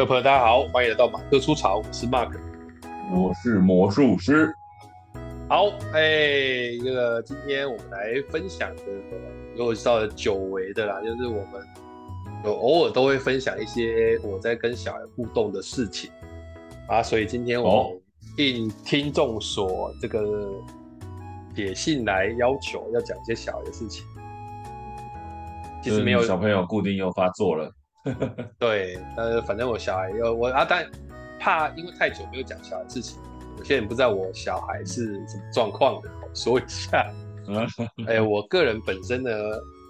各位朋友，大家好，歡迎來到馬克出場，我是 Mark，我是魔術師。好，哎、欸，這個今天我們來分享的，如果是久違的啦，就是我們有偶爾都會分享一些我在跟小孩互動的事情啊，所以今天我應聽眾、哦、所這個寫信來要求，要講一些小孩的事情。其實沒有小朋友固定又發作了。 對，呃，反正我小孩，我啊，但怕因為太久沒有講小孩事情，我現在不知道我小孩是什麼狀況的，說一下。 哎，我個人本身呢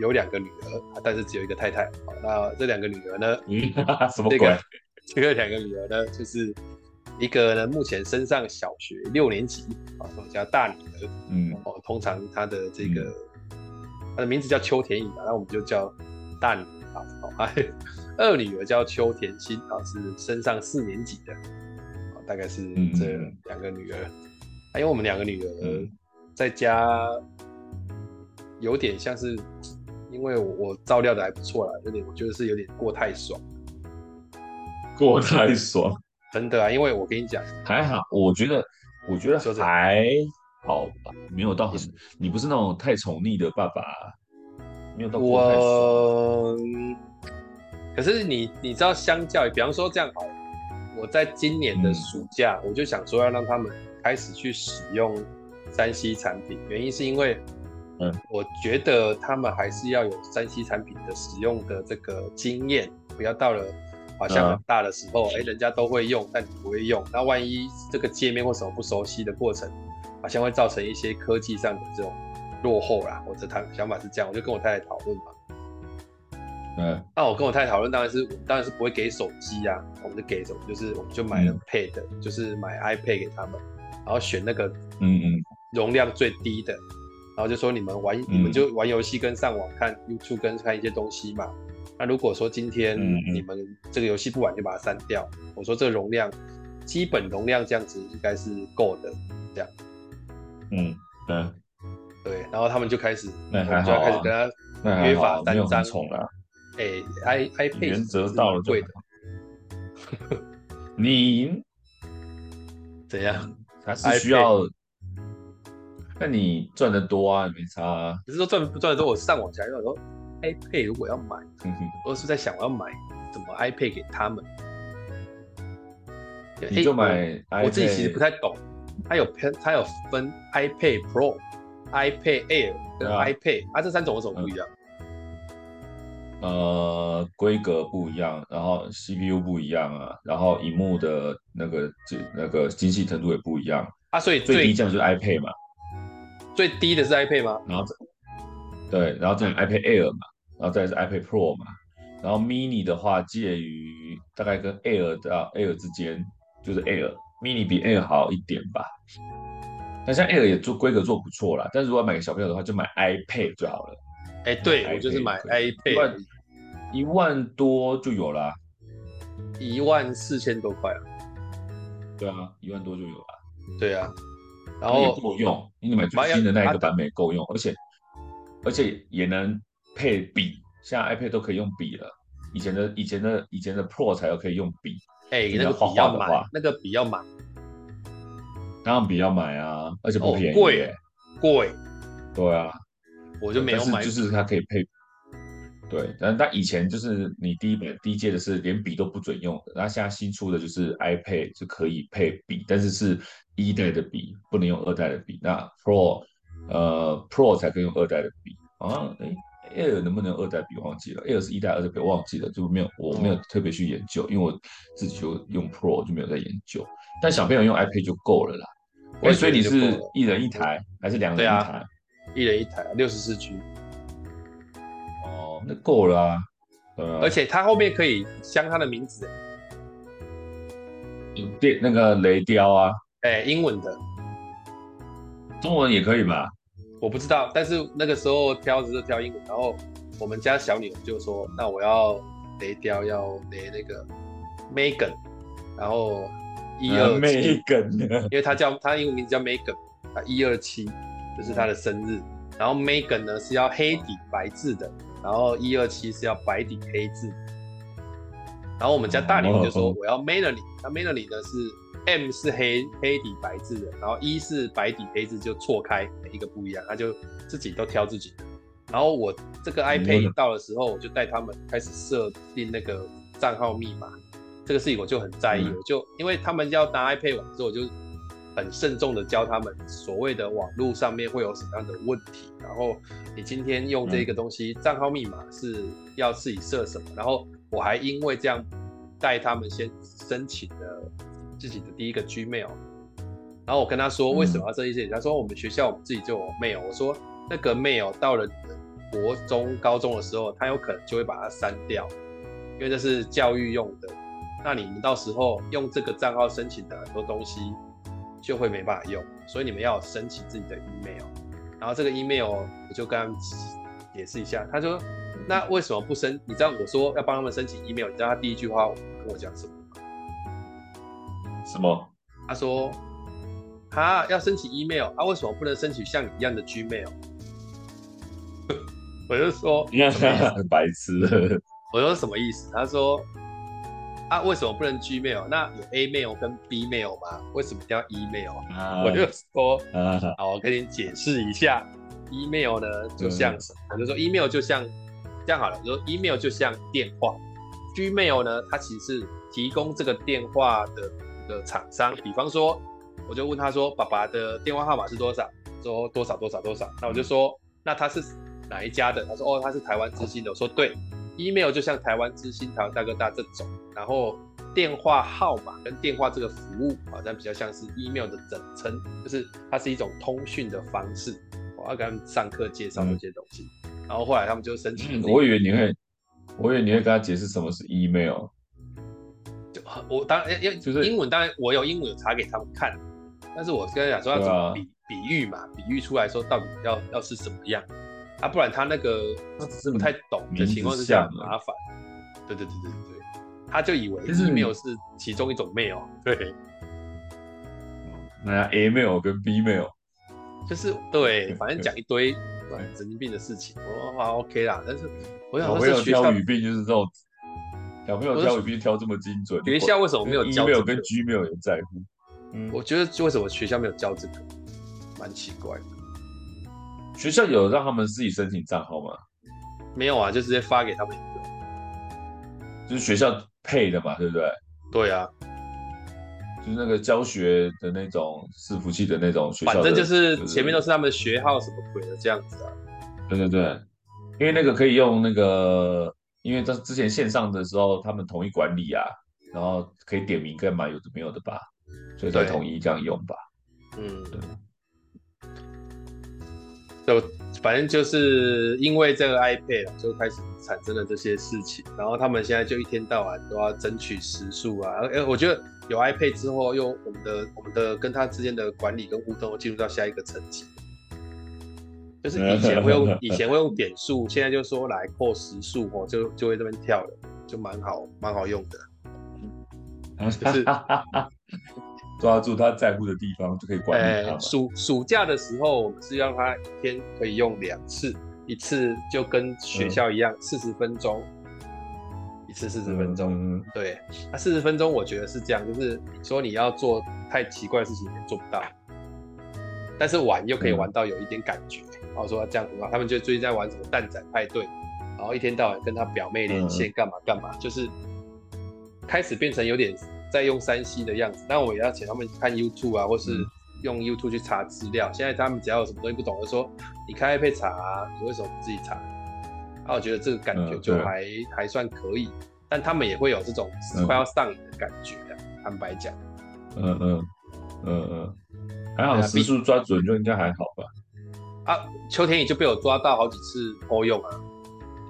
有兩個女兒，但是只有一個太太。好，那這兩個女兒呢？嗯、什麼鬼？那個、這個兩個女兒呢，就是一個呢目前升上小學六年級叫大女兒。嗯，哦，通常她的這個她、嗯、的名字叫秋田影然，那我們就叫大女兒。好，哎二女兒叫秋田心啊，是升上四年級的，大概是這兩個女兒、嗯哎。因為我們兩個女兒在家有點像是，因為我，我照料的還不錯啦，有點我覺得是有點過太爽，過太爽，嗯、真的啊！因為我跟你講，還好，我覺得，我覺得還好吧，沒有到、嗯，你不是那種太寵溺的爸爸，沒有到過可是你你知道，相較於比方說這樣，我在今年的暑假，嗯、我就想說要讓他們開始去使用 3C 產品。原因是因為，嗯，我覺得他們還是要有 3C 產品的使用的這個經驗，不要到了好像很大的時候，哎、嗯欸，人家都會用，但你不會用。那萬一這個界面、或什麼不熟悉的過程，好像會造成一些科技上的這種落後啦。我的他想法是這樣，我就跟我太太討論吧。對，那、啊、我跟我太太討論，當然是，當然是不會給手機啊，我們就給什麼，就是我們就買了 Pad、嗯、就是買 iPad 給他們，然後選那個嗯嗯容量最低的、嗯嗯，然後就說你們玩，嗯、你們就玩遊戲跟上網看 YouTube 跟看一些東西嘛。那如果說今天你們這個遊戲不玩就把它刪掉、嗯嗯，我說這個容量，基本容量這樣子應該是夠的，這樣。嗯，對，對，然後他們就開始，那還好啊、就要開始跟他約法三章。哎、欸、i iPad 原則到了，貴的。 你怎樣？還是需要？那你賺的多啊，沒差、啊。不是說賺不賺的多，我上網查，有人說 iPad 如果要買，我是在想，我要買怎麼 iPad 給他們？就買、欸我？我自己其實不太懂，他有，有分，他有分 iPad Pro、iPad Air 跟 iPad，啊，啊，這三種我總不一樣。嗯呃，規格不一樣，然後 CPU 不一樣啊，然後熒幕的那個就那個精細程度也不一樣啊。所以最低價就是 iPad 嘛，最低的是 iPad 嗎？然後、嗯、對，然後再 iPad Air 嘛，然後再是 iPad Pro 嘛，然後 Mini 的話介於大概跟 Air 的 Air 之間，就是 Air，Mini 比 Air 好一點吧。那像 Air 也做規格做不錯啦，但是如果買給小朋友的話，就買 iPad 就好了。哎、欸，對，我就是買 iPad，一萬,萬多就有了、啊，一萬四千多塊啊。對啊，一萬多就有了。對啊，然後夠用，你買最新的那一個版本也夠用，而且而且也能配筆，像 iPad 都可以用筆了，以前的以前的以前的，以前的 Pro 才有可以用筆。哎、欸，那個筆要買，那個筆要買，當然筆要買啊，而且不便宜耶，貴、哦，對啊。我就沒有買，是就是它可以配，對，但但以前就是你第一本第一階的是連筆都不准用的，那現在新出的就是 iPad 就可以配筆，但是是一代的筆、嗯、不能用二代的筆，那 Pro 呃 Pro 才可以用二代的筆啊，哎、欸、Air 能不能二代筆忘記了，Air 是一代二代筆忘記了，就沒有我沒有特別去研究，因為我自己就用 Pro 就沒有在研究，嗯、但小朋友用 iPad 就夠了啦。哎，所以你是一人一台、嗯、還是兩人一台？一人一台六十四 G 哦，那、oh, 夠了、啊 uh, 而且他後面可以鑲他的名字，那個雷雕啊，哎、欸，英文的，中文也可以吧？我不知道，但是那個時候挑是挑英文，然後我們家小女兒就說：“那我要雷雕，要雷那個 Megan，然後一二七 Megan，因為他叫他英文名字叫 Megan，啊一二七。127 ”就是他的生日，然後 Megan 呢是要黑底白字的，然後一二七是要白底黑字，然後我們家大女兒就說我要 m a i n l y 那 m a i n l y 呢是 M 是黑黑底白字的，然後一、e、是白底黑字就錯開每一個不一樣，他就自己都挑自己的，然後我這個 iPad 到的時候，我就帶他們開始設定那個賬號密碼，這個事情我就很在意，嗯、我就因為他們要拿 iPad 玩之後，我就。很慎重的教他們所謂的網絡上面會有什麼樣的問題，然後你今天用這個東西，嗯、帳號密碼是要自己設什麼？然後我還因為這樣帶他們先申請了自己的第一個 Gmail，然後我跟他說為什麼要這一些、嗯，他說我們學校我們自己就有 mail，我說那個 mail 到了國中高中的時候，他有可能就會把它刪掉，因為這是教育用的，那你們到時候用這個賬號申請的很多東西。就會沒辦法用，所以你們要申請自己的 email，然後這個 email 我就跟他們解釋一下。他說：“那為什麼不申？你知道我說要幫他們申請 email，你知道他第一句話跟我講什麼嗎？”“什麼？”他說：“他要申請 email，啊，為什麼不能申請像你一樣的 Gmail？” 我就說：“你看，很，白痴。”我說：“什麼意思？”他說。啊，為什麼不能 Gmail？那有 A Mail 跟 B Mail 嗎？為什麼叫 Email？啊 uh, 我就說，uh, uh, 好，我跟你解釋一下、uh, uh,，Email 呢就像什麼？Uh, uh, 我就說 Email 就像這樣好了，我就說 Email 就像電話，Gmail 呢，它其實是提供這個電話的的廠商。比方說，我就問他說，爸爸的電話號碼是多少？說、哦、多少多少多少。那我就說，那他是哪一家的？他說，哦，他是台灣之星的。我說，對。email 就像台灣之星、台灣大哥大這種，然後電話號碼跟電話這個服務好像比較像是 email 的簡稱，就是它是一種通訊的方式。我要跟他們上課介紹那些東西，然後後來他們就申請、嗯。我以為你會，我以為你會跟他解釋什麼是 email 就。就我當然，因為就是英文，當然我有英文有查給他們看，但是我跟他講說要怎麼比比喻嘛，比喻出來說到底要要是什麼樣。啊，不然他那個他只是不太懂的情況下很，比麻煩。對，對對對對對，他就以為 email 是其中一種 mail 對。那、啊、a mail 跟 b mail 就是對，反正講一堆神經病的事情，我、哦、OK 啦。但是，小朋友教語病就是這種，小朋友教語病挑這麼精準。學校、就是、為什麼沒有教、這個？教？e mail 跟 g mail 人在乎？嗯，我覺得就為什麼學校沒有教這個，蠻奇怪的。學校有讓他們自己申請賬號嗎？沒有啊，就直接發給他們一個，就是學校配的嘛，對不對？對啊，就是那個教學的那種伺服器的那種學校的，反正就是前面都是他們學號什麼鬼的這樣子啊。對對對，因為那個可以用那個，因為他之前線上的時候他們統一管理啊，然後可以點名幹嘛有的沒有的吧，所以才統一這樣用吧。嗯，對。嗯嗯就反正就是因為這個 iPad 就開始產生了這些事情。然後他們現在就一天到晚都要爭取時數啊、欸。我覺得有 iPad 之後，用我們的、我們的跟他之間的管理跟互動，進入到下一個層級。就是以前會用，以前會用點數，現在就說來破時數，喔，我就就會這邊跳了，就蠻好，蠻好用的。然後就是。 抓住他在乎的地方就可以管理他，哎。暑暑假的時候我們是讓他一天可以用兩次，一次就跟學校一樣，嗯、四十分鐘，一次四十分鐘，嗯。對，那四十分鐘我覺得是這樣，就是你說你要做太奇怪的事情也做不到，但是玩又可以玩到有一點感覺。嗯、然後說這樣子嘛，他們就最近在玩什麼蛋仔派對，然後一天到晚跟他表妹連線幹嘛幹嘛，嗯、就是開始變成有點，在用三 C 的樣子，那我也要請他們看 YouTube 啊，或是用 YouTube 去查資料、嗯。現在他們只要有什麼東西不懂，就是、說你開 App 查、啊，你為什麼不自己查？啊，我覺得這個感覺就還、嗯、還算可以，但他們也會有這種快要上癮的感覺、啊嗯。坦白講，嗯嗯嗯嗯，還好，時速抓準就應該還好吧。啊，秋天已經被我抓到好幾次偷用啊，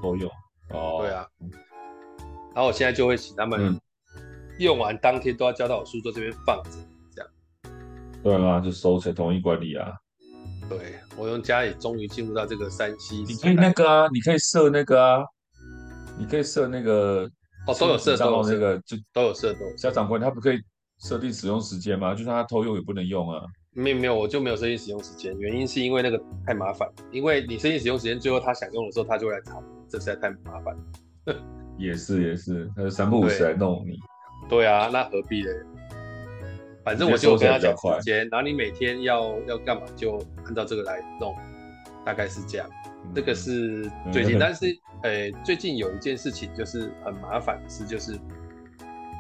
偷用哦，對啊，然後我現在就會請他們、嗯。用完當天都要交到我書桌這邊放着，這樣。對啊，就收才統一管理啊。對，我用家裡終於進入到這個三期。你可以那個啊，你可以設那個啊，你可以設那個哦，都有設都。哦，那個就都有設都有。小長官他不可以設定使用時間嗎？就算他偷用也不能用啊。沒有沒有，我就沒有設定使用時間，原因是因為那個太麻煩。因為你設定使用時間，最後他想用的時候他就會來吵，這實在太麻煩。 也是也是，他就三不五時來弄你。對啊，那何必呢？反正我就跟他講時間，然後你每天要要幹嘛就按照這個來弄，大概是這樣。嗯、這個是最近，嗯、但是、欸、最近有一件事情就是很麻煩的事，就是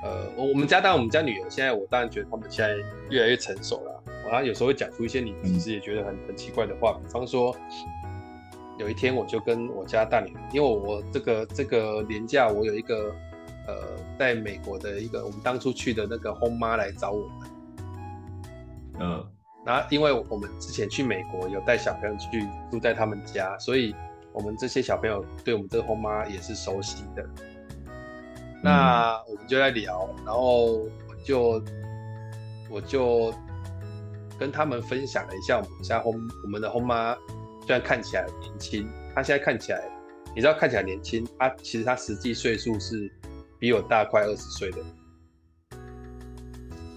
呃，我們家大，當然我們家女兒現在我當然覺得他們現在越來越成熟了，然後有時候會講出一些你其實也覺得很、嗯、很奇怪的話，比方說有一天我就跟我家大女兒，因為我這個這個年假我有一個。呃，在美國的一個，我們當初去的那個 home mom 來找我們。嗯，那因為我們之前去美國有帶小朋友去住在他們家，所以我們這些小朋友對我們這個 home mom 也是熟悉的、嗯。那我們就在聊，然後我就我就跟他們分享了一下，我們家 home 我們的 home mom 雖然看起來年輕，她現在看起來你知道看起來年輕，她其實她實際歲數是。比我大快二十歲的，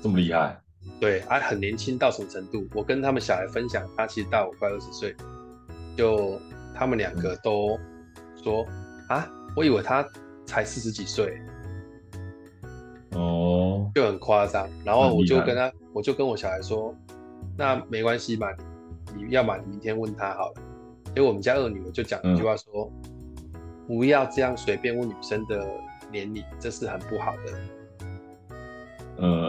這麼厲害？對，還、啊、很年輕到什麼程度？我跟他們小孩分享，他、啊、其實大我快二十歲，就他們兩個都說、嗯、啊，我以為他才四十幾歲，哦，就很誇張。然後我就跟他，我就跟我小孩說，那沒關係嘛，你要嘛，你明天問他好了。所以我們家二女兒就講一句話說，嗯、不要這樣隨便問女生的。連你，這是很不好的。嗯、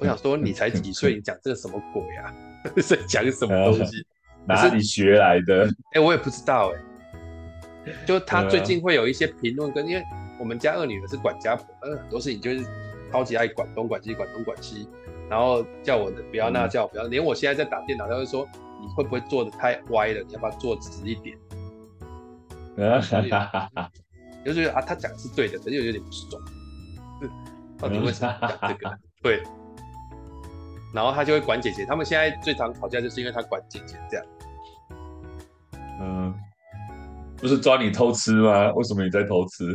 我想說，你才幾歲， 你講這個什麼鬼呀、啊？在 講什麼東西？哪裡學來的？哎、 欸，我也不知道哎、欸。就他最近會有一些評論，跟、啊、因為我們家二女兒是管家婆，很多事情就是超級愛管東管西，管東管西，然後叫我的不要那、嗯、叫我不要，連我現在在打電腦，他會說，你會不會坐得太歪了？你要不要坐直一點？ 就是啊，他講的是對的，可是有點不是裝、嗯、到底為什麼講這個？ 對。然後他就會管姐姐，他們現在最常吵架就是因為他管姐姐這樣。嗯，不是抓你偷吃嗎？為什麼你在偷吃？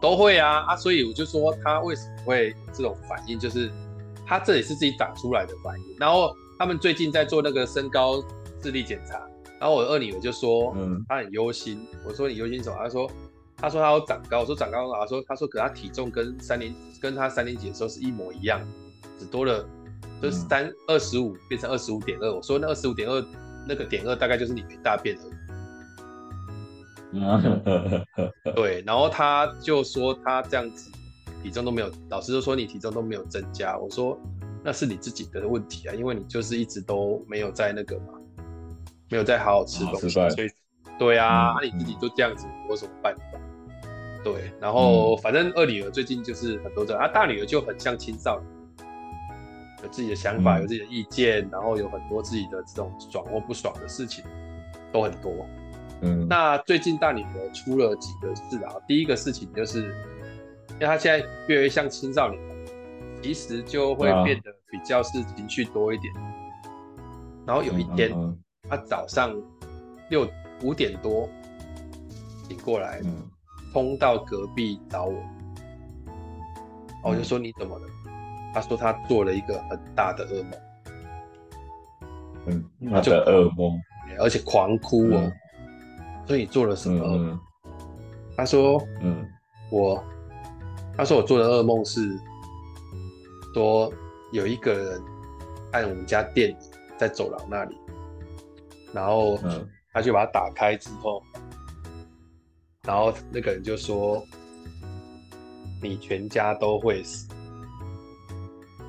都會啊啊！所以我就說他為什麼會這種反應，就是他這裡是自己長出來的反應。然後他們最近在做那個身高智力檢查，然後我的二女兒就說：“嗯，她很憂心。嗯”我說：“你憂心什麼？”她說。他說他要長高，我說長高幹嘛？他說他說可他體重跟三年跟他三年級的時候是一模一樣，只多了就是三二十五變成二十五點二。我說那二十五點二那個點二大概就是你沒大便而已。 對，然後他就說他這樣子體重都沒有，老師就說你體重都沒有增加。我說那是你自己的問題啊，因為你就是一直都沒有在那個嘛，沒有在好好吃東西，啊、所以對啊，那、嗯、你自己就這樣子，我怎麼辦？對，然後反正二女兒最近就是很多這樣、嗯、啊，大女兒就很像青少年，有自己的想法、嗯，有自己的意見，然後有很多自己的這種爽或不爽的事情都很多。嗯，那最近大女兒出了幾個事啊，第一個事情就是，因為她現在越來越像青少年，其實就會變得比較是情緒多一點。嗯、然後有一天，她早上六、五點多醒過來。嗯衝到隔壁找我，我就說，你怎麼了？他說他做了一個很大的噩夢，嗯，他的噩夢，而且狂哭哦。所以你做了什麼？他說，嗯，我，他說我做的噩夢是，說有一個人按我們家店在走廊那裡，然後他就把它打開之後。然後那個人就說：“你全家都會死。”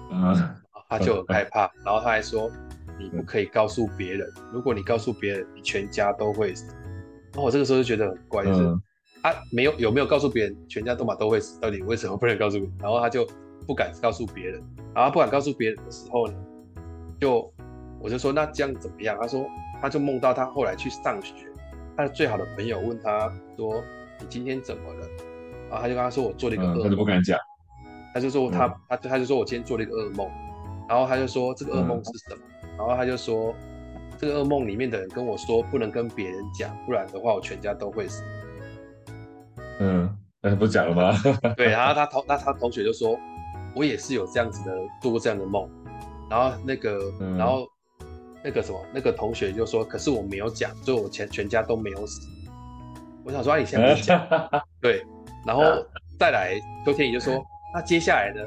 嗯，然後他就很害怕，嗯。然後他還說：“你不可以告訴別人，如果你告訴別人，你全家都會死。”然後我這個時候就覺得很怪，就是他沒有有沒有告訴別人全家都嘛都會死？到底為什麼不能告訴別人？然後他就不敢告訴別人。然後他不敢告訴別人的時候呢，就我就說：“那這樣怎麼樣？”他說：“他就夢到他後來去上學。”他的最好的朋友問他說：“你今天怎麼了？”然後他就跟他說：“我做了一個噩夢。嗯”他就不敢講。他就說他、嗯：“他他就他就說我今天做了一個噩夢。然噩嗯”然後他就說：“這個噩夢是什麼？”然後他就說：“這個噩夢裡面的人跟我說，不能跟別人講，不然的話我全家都會死。”嗯，那不講了嗎？ 對，然後他同那他同學就說：“我也是有這樣子的，做過這樣的夢。”然後那個、嗯、然後。那個什麼，那個同學就說：“可是我沒有講，所以我全全家都沒有死。”我想說：“他以前沒講。 ”對，然後、嗯、再來，邱天也就說、嗯：“那接下來呢？”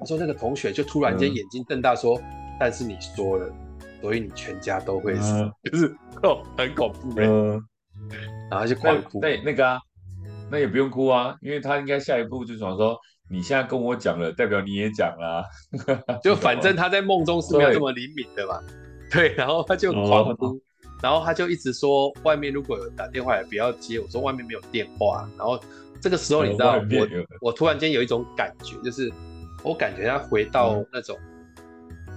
他說：“那個同學就突然間眼睛瞪大說，說、嗯：‘但是你說了，所以你全家都會死。嗯’就是哦，很恐怖、欸。嗯”的然後就狂哭。對，那個啊，那也不用哭啊，因為他應該下一步就想說：“你現在跟我講了，代表你也講了、啊， 就反正他在夢中是沒有這麼靈敏的嘛。對，然後他就狂哭、哦，然後他就一直說外面如果有打電話也不要接。我說外面沒有電話。然後這個時候你知道我、嗯，我我突然間有一種感覺，就是我感覺他回到那種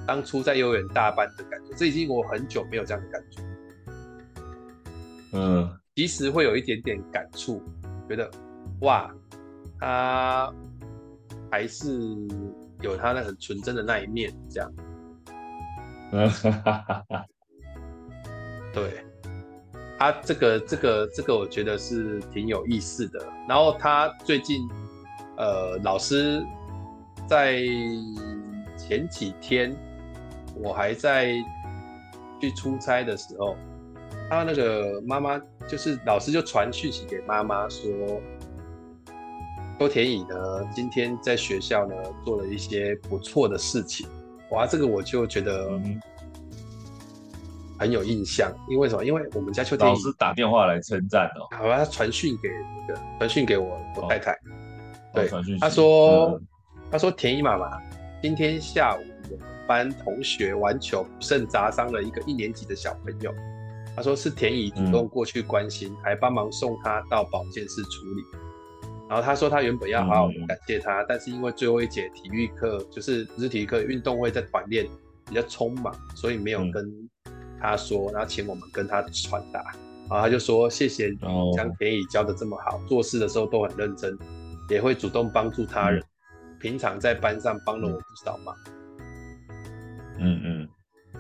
當初在幼兒園大班的感覺、嗯。這已經我很久沒有這樣的感覺。嗯，其實會有一點點感觸，覺得哇，他還是有他那很純真的那一面，這樣。哈哈哈哈哈！對他這個這個這個，這個這個、我覺得是挺有意思的。然後他最近，呃，老師在前幾天，我還在去出差的時候，他那個媽媽就是老師就傳訊息給媽媽說，周田宇呢今天在學校呢做了一些不錯的事情。哇、啊，這個我就覺得很有印象，嗯、因為什麼？因為我們家邱天老師打電話來稱讚哦，好、啊，他傳訊給那個傳訊給我、哦、我太太，對，他、哦、說他、嗯、說田怡媽媽，今天下午我們班同學玩球不慎砸傷了一個一年級的小朋友，他說是田怡主動過去關心，嗯、還幫忙送他到保健室處理。然後他說他原本要好好的感謝他，嗯嗯，但是因為最後一節體育課就是不是體育課，運動會在團練，比較匆忙，所以沒有跟他說。嗯、然後請我們跟他傳達。然後他就說：“嗯、謝謝你，哦、將田雨教的這麼好，做事的時候都很認真，也會主動幫助他人。嗯、平常在班上幫了我不少忙。”嗯嗯，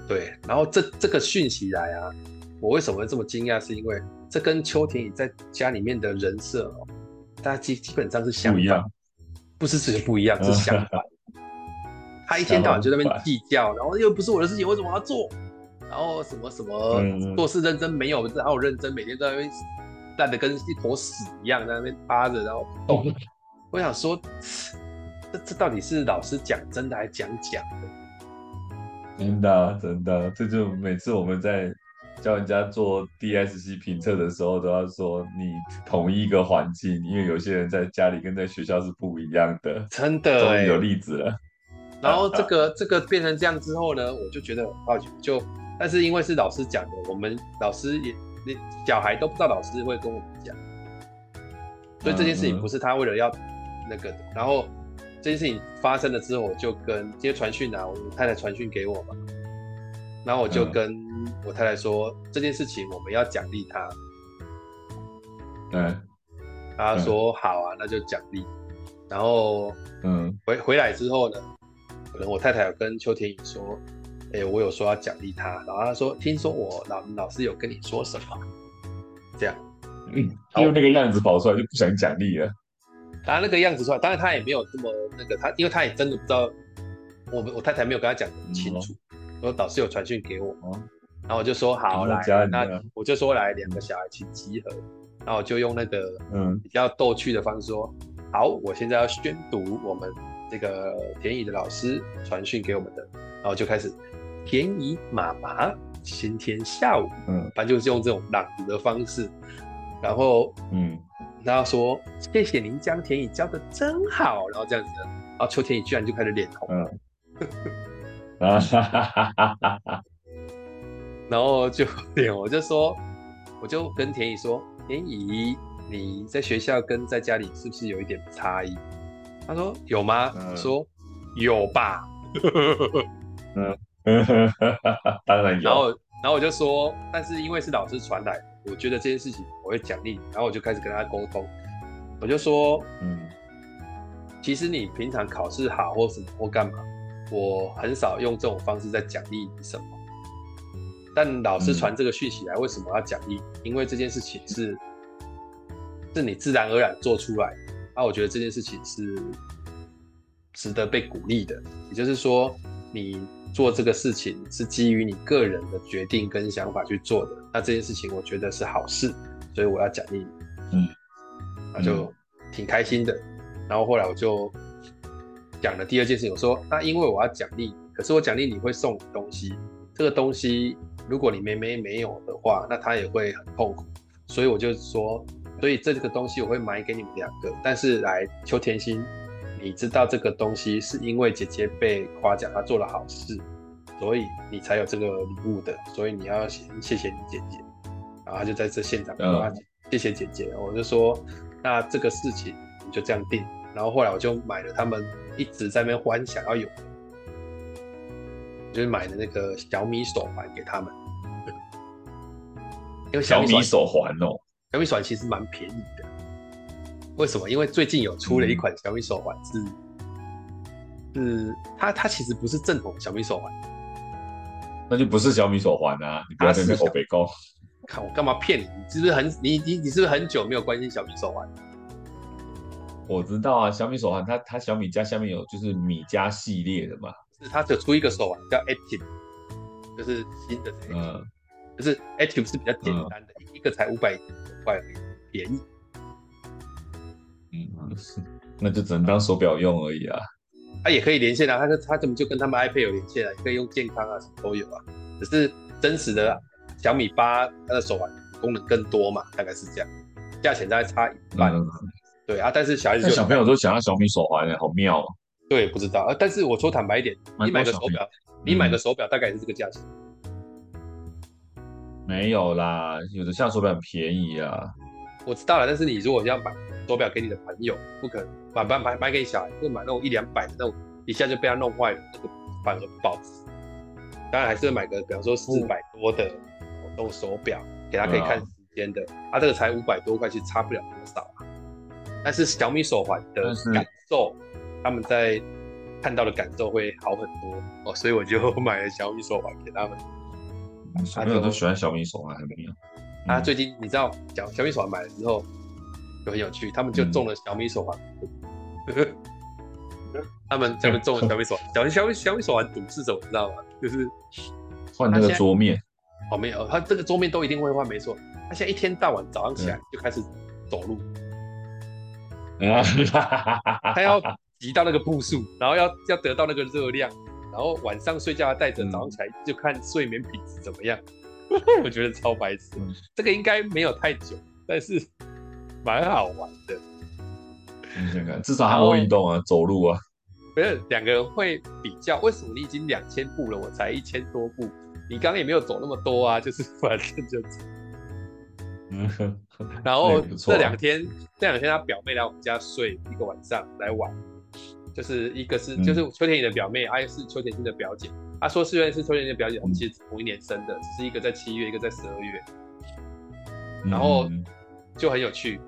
對。然後這這個訊息來啊，我為什麼會這麼驚訝？是因為這跟邱田雨在家裡面的人設，哦，大家基基本上是相反不一樣，不是只是不一樣，是相反。 他一天到晚就在那邊計較，然後又不是我的事情，為、嗯、什麼要做？然後什麼什麼做事認真沒有，然後認真每天都在那邊爛的跟一坨屎一樣，在那邊趴着，然後不動。 我想說，這這到底是老師講真的還是講假的？真的真的，這就每次我們在。叫人家做 D S C 評測的時候，都要說你同一,一個環境，因為有些人在家裡跟在學校是不一樣的。真的，終於有例子了。然後這個這個變成這樣之後呢，我就覺得哦，就但是因為是老師講的，我們老師也那小孩都不知道老師會跟我們講，所以這件事情不是他為了要那個的。嗯、然後這件事情發生了之後，我就跟接傳訊啊，我們太太傳訊給我嘛。然後我就跟我太太說、嗯、這件事情我們要獎勵他，對、嗯，嗯、他說好啊、嗯，那就獎勵。然後嗯，回回來之後呢，可能我太太有跟邱天宇說，哎、欸，我有說要獎勵他。然後他說，聽說我老、嗯、老師有跟你說什麼？這樣，嗯，因為那個樣子跑出來就不想獎勵了。當然後他那個樣子出來，當然他也沒有這麼那個，他因為他也真的不知道，我們我太太沒有跟他講很清楚。嗯我導師有傳訊給我、嗯、然後我就說好，好來，那我就說來、嗯、兩個小孩去集合。然後我就用那個嗯比較逗趣的方式說、嗯：好，我現在要宣讀我們這個田雨的老師傳訊給我們的。然後就開始，田雨媽媽今天下午，反、嗯、正就是用這種朗讀的方式。然後嗯，然後他說謝謝您將田雨教得真好。然後這樣子的，然後邱田雨居然就開始臉紅。嗯 啊哈哈哈哈哈！然後就，我就說，我就跟田姨說，田姨，欸，姨姨，你在學校跟在家裡是不是有一點差異？他說有嗎？嗯、說有吧。 嗯，當然有。然後，然後我就說，但是因為是老師傳來，我覺得這件事情我會獎勵。然後我就開始跟他溝通，我就說，嗯，其實你平常考試好或什麼或幹嘛？我很少用這種方式在獎勵你什麼，但老師傳這個訊息來，為什麼要獎勵？因為這件事情是，是你自然而然做出來的，那、啊、我覺得這件事情是值得被鼓勵的，也就是說，你做這個事情是基於你個人的決定跟想法去做的，那這件事情我覺得是好事，所以我要獎勵你，嗯，那就挺開心的，然後後來我就。講的第二件事，我說，那因為我要獎勵，可是我獎勵你會送你東西，這個東西如果你妹妹沒有的話，那她也會很痛苦，所以我就說，所以這個東西我會買給你們兩個，但是來邱甜心，你知道這個東西是因為姐姐被誇獎，她做了好事，所以你才有這個禮物的，所以你要先謝謝你姐姐，然後她就在這現場說、嗯、謝謝姐姐，我就說，那這個事情你就這樣定。然後後來我就買了他們一直在那邊歡想要有，就是買的那個小米手環給他們，因為小。小米手環哦，小米手環其實蠻便宜的。為什麼？因為最近有出了一款小米手環是、嗯，是是它它其實不是正統小米手環，那就不是小米手環啊！你不要在那歐北共，看我幹嘛騙你？你是不是很你你你是不是很久沒有關心小米手環？我知道啊，小米手環，它它小米家下面有就是米家系列的嘛，是它只出一個手環叫 Active，就是新的、Active，嗯，就是 Active 是比較簡單的，嗯、一個才五百塊，很便宜。嗯，是，那就只能當手錶用而已啊、嗯。它也可以連線啊，它它怎麼就跟他們 iPad 有連線啊？可以用健康啊，什麼都有啊。只是真實的、啊、小米八他的手環功能更多嘛，大概是這樣，價錢大概差一半。嗯對啊，但是小孩子小朋友都想要小米手環呢，好妙啊！對，不知道啊。但是我說坦白一點，你買個手錶，嗯，你買個手錶大概也是這個價錢。沒有啦，有的像手錶很便宜啊。我知道了，但是你如果要買手錶給你的朋友，不可能買買買，買給你小孩，就買那種一兩百的那種，一下就被他弄壞了，這，那個反而不保值。當然還是會買個，比方說四百多的那，嗯，種手錶，給他可以看時間的，他，啊啊、這個才五百多塊，其實差不了多少啊。但是小米手環的感受，他們在看到的感受會好很多哦，所以我就買了小米手環給他們。小朋友都喜歡小米手環，還沒有、嗯？他最近你知道小小米手環買了之後就很有趣，他們就中了小米手環。嗯、 他們他們中了小米手環， 小米小米小米手環是什麼？知道嗎？就是換那個桌面。哦，沒有、哦，他這個桌面都一定會換，沒錯。他現在一天到晚早上起來、嗯、就開始走路。啊！ 他要計到那個步數，然後要要得到那個熱量，然後晚上睡覺帶着，早上起來、嗯、就看睡眠品質怎麼樣。 我覺得超白痴、嗯，這個應該沒有太久，但是蠻好玩的。你、嗯、看，至少還會運動啊，走路啊。不是，兩個人會比較。為什麼你已經兩千步了，我才一千多步？你剛剛也沒有走那麼多啊，就是反正就走。嗯， 然後這兩天、啊、這兩天他表妹來我們家睡一個晚上來玩，就是一個是、嗯、就是邱天宇的表妹，還、啊、是邱天心的表姐。他、啊、說是月是邱天心的表姐，我、嗯、們其實同一年生的，只是一個在七月，一個在十二月，然後就很有趣，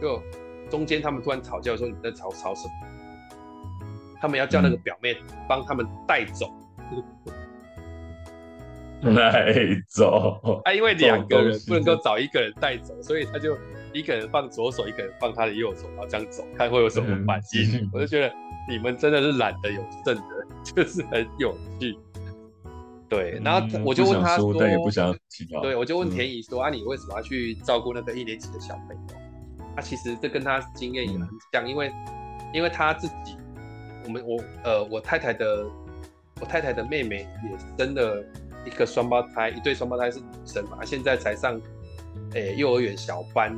就中間他們突然吵架說，你在吵吵什麼？他們要叫那個表妹幫他們帶走。嗯，就是帶走啊！因為兩個人不能夠找一個人帶走，所以他就一個人放左手，一個人放他的右手，然後這樣走，看會有什麼反應。嗯、我就覺得你們真的是懶得有剩的，就是很有趣。對，嗯、然後我就問他說：“，說說但也不想對，我就問田怡說：“啊，你為什麼要去照顧那個一年級的小朋友？”他、啊、其實這跟他經驗也很像，嗯、因為因為他自己，我們我呃，我太太的我太太的妹妹也生的。一個雙胞胎，一對雙胞胎是女生嘛？現在才上，誒、欸，幼兒園小班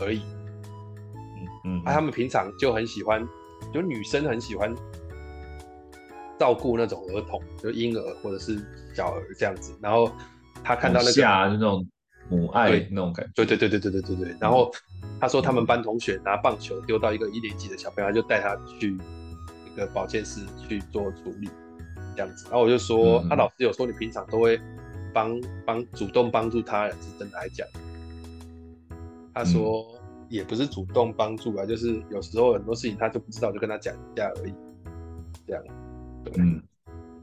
而已。嗯嗯，啊，他們平常就很喜歡，就女生很喜歡照顧那種兒童，就嬰兒或者是小兒這樣子。然後他看到那個，下、嗯、那種母愛、欸、那種感覺，對對對對對對對對，對、嗯。然後他說，他們班同學拿棒球丟到一個一年級的小朋友，嗯、他就帶他去一個保健室去做處理。這樣子，然、啊、後我就說，他、嗯嗯啊、老師有說，你平常都會幫幫主動幫助他人，是真的來講。他說也不是主動幫助啊、嗯，就是有時候很多事情他就不知道，就跟他講一下而已。這樣對，嗯，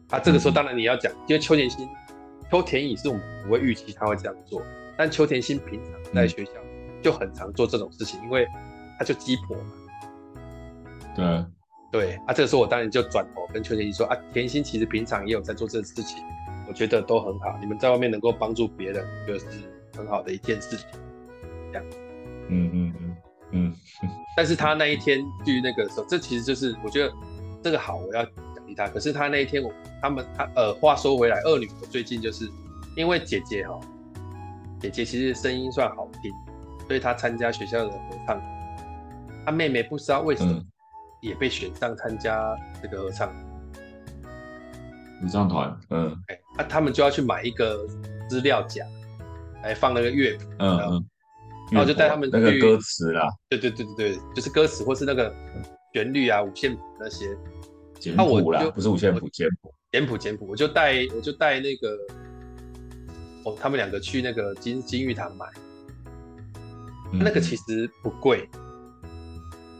他、啊、這個時候當然你要講、嗯嗯，因為邱田心、邱田乙是我們不會預期他會這樣做，但邱田心平常在學校、嗯、就很常做這種事情，因為他就雞婆嘛，對。對啊，這個時候我當然就轉頭跟邱建一說啊，甜心其實平常也有在做這個事情，我覺得都很好。你們在外面能夠幫助別人，就是很好的一件事情。這樣，嗯嗯嗯嗯，但是他那一天去 那個時候，這其實就是我覺得這個好，我要獎勵他。可是他那一天，我他們他呃，話說回來，二女兒最近就是因為姐姐哈、哦，姐姐其實聲音算好聽，所以她參加學校的合唱。她妹妹不知道為什麼、嗯。也被選上參加這個合唱、合唱團，嗯，哎，啊，那他們就要去買一個資料夾，來放那個樂譜，嗯，嗯，然後就帶他們那個歌詞啦，對對對對，就是歌詞或是那個旋律啊，五線譜那些簡譜啦，那我，不是五線譜簡譜簡譜簡譜，我就帶我就帶那個哦，他們兩個去那個金金玉堂買，嗯，那個其實不貴。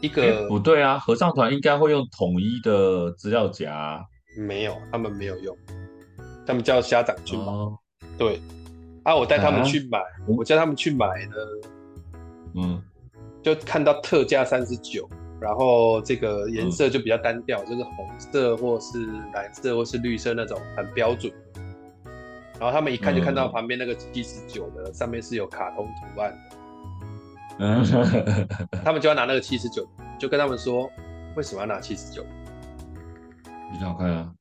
一個、欸、不對啊，合唱團應該會用統一的資料夾、啊。沒有，他們沒有用，他們叫家長去買。哦、對，啊，我帶他們去買、啊，我叫他們去買呢。嗯，就看到特價三十九，然後這個顏色就比較單調、嗯，就是紅色或是藍色或是綠色那種很標準的。然後他們一看就看到旁邊那個七十九的，上面是有卡通圖案的。嗯， 他們就要拿那個七十九，就跟他們說，為什麼要拿七十九？比較好看啊。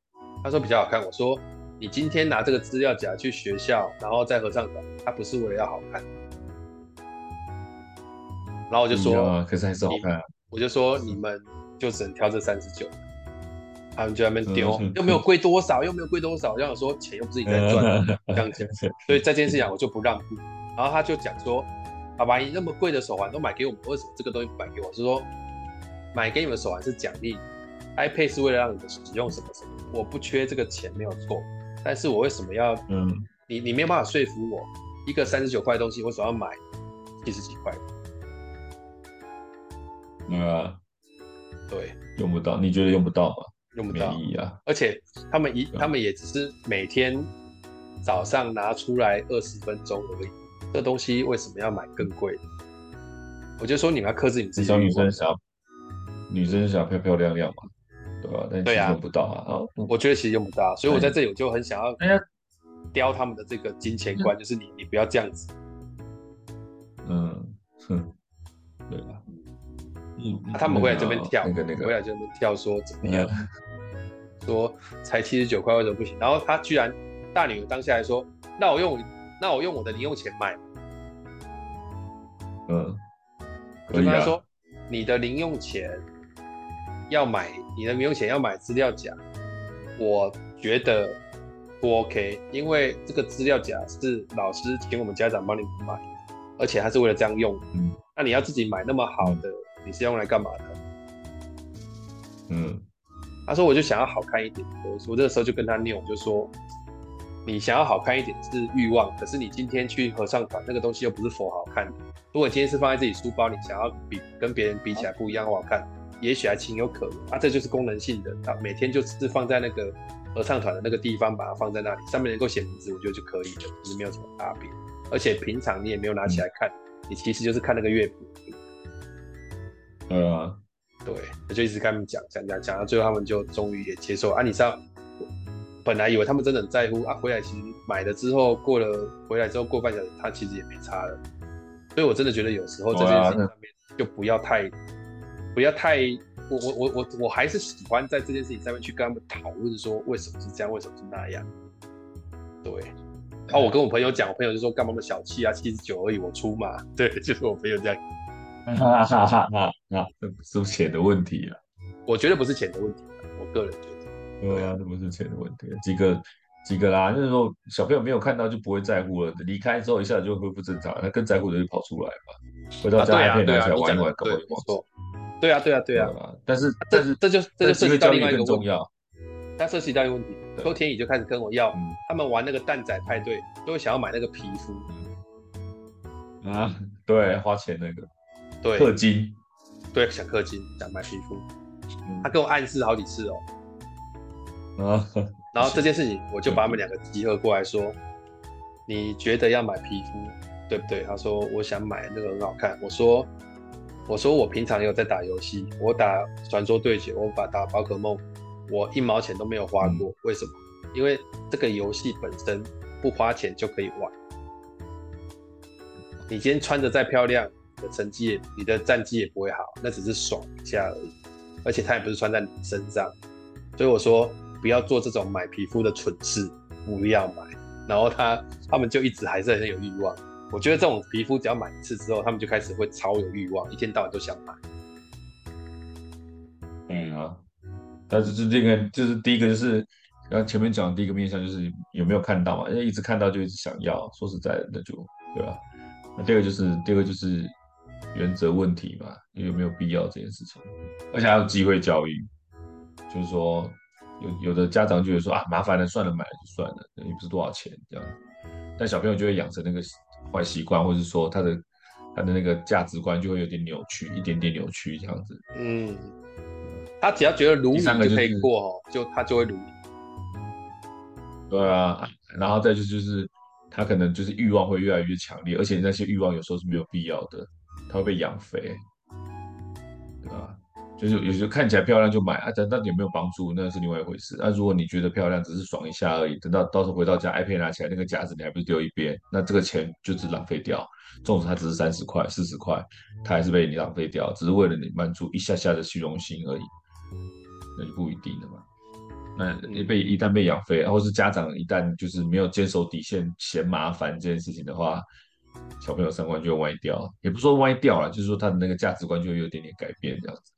他說比較好看，我說你今天拿這個資料夾去學校，然後在合上它，它不是為了要好看。然後我就說、嗯，可是還是好看啊。我就說你們就只能挑這三十九。他們就在那邊丟， 又沒有貴多少，又沒有貴多少，然後我說錢又不自己在賺， 這樣子。所以在這件事情，我就不讓步。 然後他就講說。好吧，你那麼貴的手環都買給我們，為什麼這個東西不買給我？是說買給你們的手環是獎勵，iPad 是為了讓你們使用什麼什麼？我不缺這個錢沒有錯，但是我為什麼要嗯？你你沒有辦法說服我，一個三十九塊的東西，為什麼要買七十幾塊？沒、嗯、啊，對，用不到，你覺得用不到嗎？嗯、用不到，意義啊。而且他們一他們也只是每天早上拿出來二十分鐘而已。這東西為什麼要買更貴的？我就說你們要克制你自己。至少女生想要、嗯，女生想要漂漂亮亮嘛，對吧？但是用、啊、不到啊、嗯。我覺得其實用不到，所以我在這裡我就很想要，哎呀，雕他們的這個金錢觀、哎，就是你，你不要這樣子。嗯哼，對吧？嗯、啊、他們會在這邊跳，那個，會、那個、來這邊跳，說怎麼樣？嗯、說才七十九塊為什麼不行？然後他居然大女兒當下來說：“那我用。”那我用我的零用錢買，嗯，可是、啊、他說，你的零用錢要買，你的零用錢要買資料夾，我覺得不 OK，因為這個資料夾是老師請我們家長幫你們買，而且他是為了這樣用、嗯。那你要自己買那麼好的，你是用來幹嘛的？嗯，他說，我就想要好看一點。我我這個時候就跟他拗，我就說。你想要好看一點是欲望，可是你今天去合唱團那個東西又不是佛好看。如果你今天是放在自己書包，你想要比跟別人比起來不一樣好看，也許還情有可原啊。這就是功能性的，啊，每天就是放在那個合唱團的那個地方，把它放在那裡，上面能夠寫名字，我覺得就可以了，就是沒有什麼差別，而且平常你也沒有拿起來看，嗯、你其實就是看那個樂譜。對、嗯、啊、嗯嗯，對，就一直跟他們講講講講，到最後他們就終於也接受啊，你知道。本來以為他們真的很在乎啊，回來其實買了之後過了回來之後過半小時，他其實也沒差了。所以我真的覺得有時候在這件事情上面就不要太、啊、不要太我我我我我還是喜歡在這件事情上面去跟他們討論說為什麼是這樣，為什麼是那樣。對，然後我跟我朋友講，我朋友就說幹嘛那麼小氣啊，七十九而已，我出嘛。對，就是我朋友這樣。哈哈哈！哈那那不是錢的問題了、啊。我覺得不是錢的問題，我個人覺得。對呀、啊、這不是錢的問題，幾個幾個啦，那時候小朋友沒有看到就不會在乎了，離開之後一下子就恢復正常，那更在乎的就跑出來嘛，回到家來騙你才玩過來玩，沒、啊、錯。對啊對啊，對啊，對，啊，對，啊對啊，但是但是、啊、這，這就是這就涉及到另外一個問題，但涉及到一個問題，邱天宇就開始跟我要，嗯、他們玩那個蛋仔派對，都會想要買那個皮膚、嗯。啊，對，花錢那個，對，氪金，對，對想氪金想買皮膚、嗯，他跟我暗示好幾次哦。 然後這件事情，我就把他們兩個集合過來說：“你覺得要買皮膚，對不對？”他說：“我想買那個很好看。”我說：“我說我平常有在打遊戲，我打傳說對決，我打打寶可夢，我一毛錢都沒有花過、嗯。為什麼？因為這個遊戲本身不花錢就可以玩。你今天穿得再漂亮，你的成績、你的戰績也不會好，那只是爽一下而已。而且它也不是穿在你身上，所以我說。”不要做這種買皮膚的蠢事，不要買。然後他他們就一直還是很有欲望。我覺得這種皮膚只要買一次之後，他們就開始會超有欲望，一天到晚都想買。嗯、啊，好。但是這個就是第一個就是，剛前面講的第一個面向就是有沒有看到嘛？因為一直看到就一直想要。說實在的，那就對吧？那第二個就是第二個就是原則問題嘛，有沒有必要這件事情？而且還有機會教育，就是說。有有的家長就會說啊，麻煩了，算了，買了就算了，也不是多少錢這樣。但小朋友就會養成那個壞習慣，或者是說他的他的那個價值觀就會有點扭曲，一點點扭曲這樣子。嗯，他只要覺得盧就可以過哦，就他就會盧。對啊，然後再就是他可能就是慾望會越來越強烈，而且那些慾望有時候是沒有必要的，他會被養肥，對吧，啊？就是有些看起來漂亮就買，啊，但到底有沒有幫助，那是另外一回事。那、啊、如果你覺得漂亮，只是爽一下而已，等到到時候回到家，iPad 拿起來，那個夾子你還不是丟一邊，那這個錢就是浪費掉。縱使它只是三十塊、四十塊，它還是被你浪費掉，只是為了你滿足一下下的虛榮心而已。那就不一定了嘛。那被一旦被養廢、啊，或是家長一旦就是沒有堅守底線、嫌麻煩這件事情的話，小朋友三觀就會歪掉，也不說歪掉了，就是說他的那個價值觀就會有點點改變這樣子。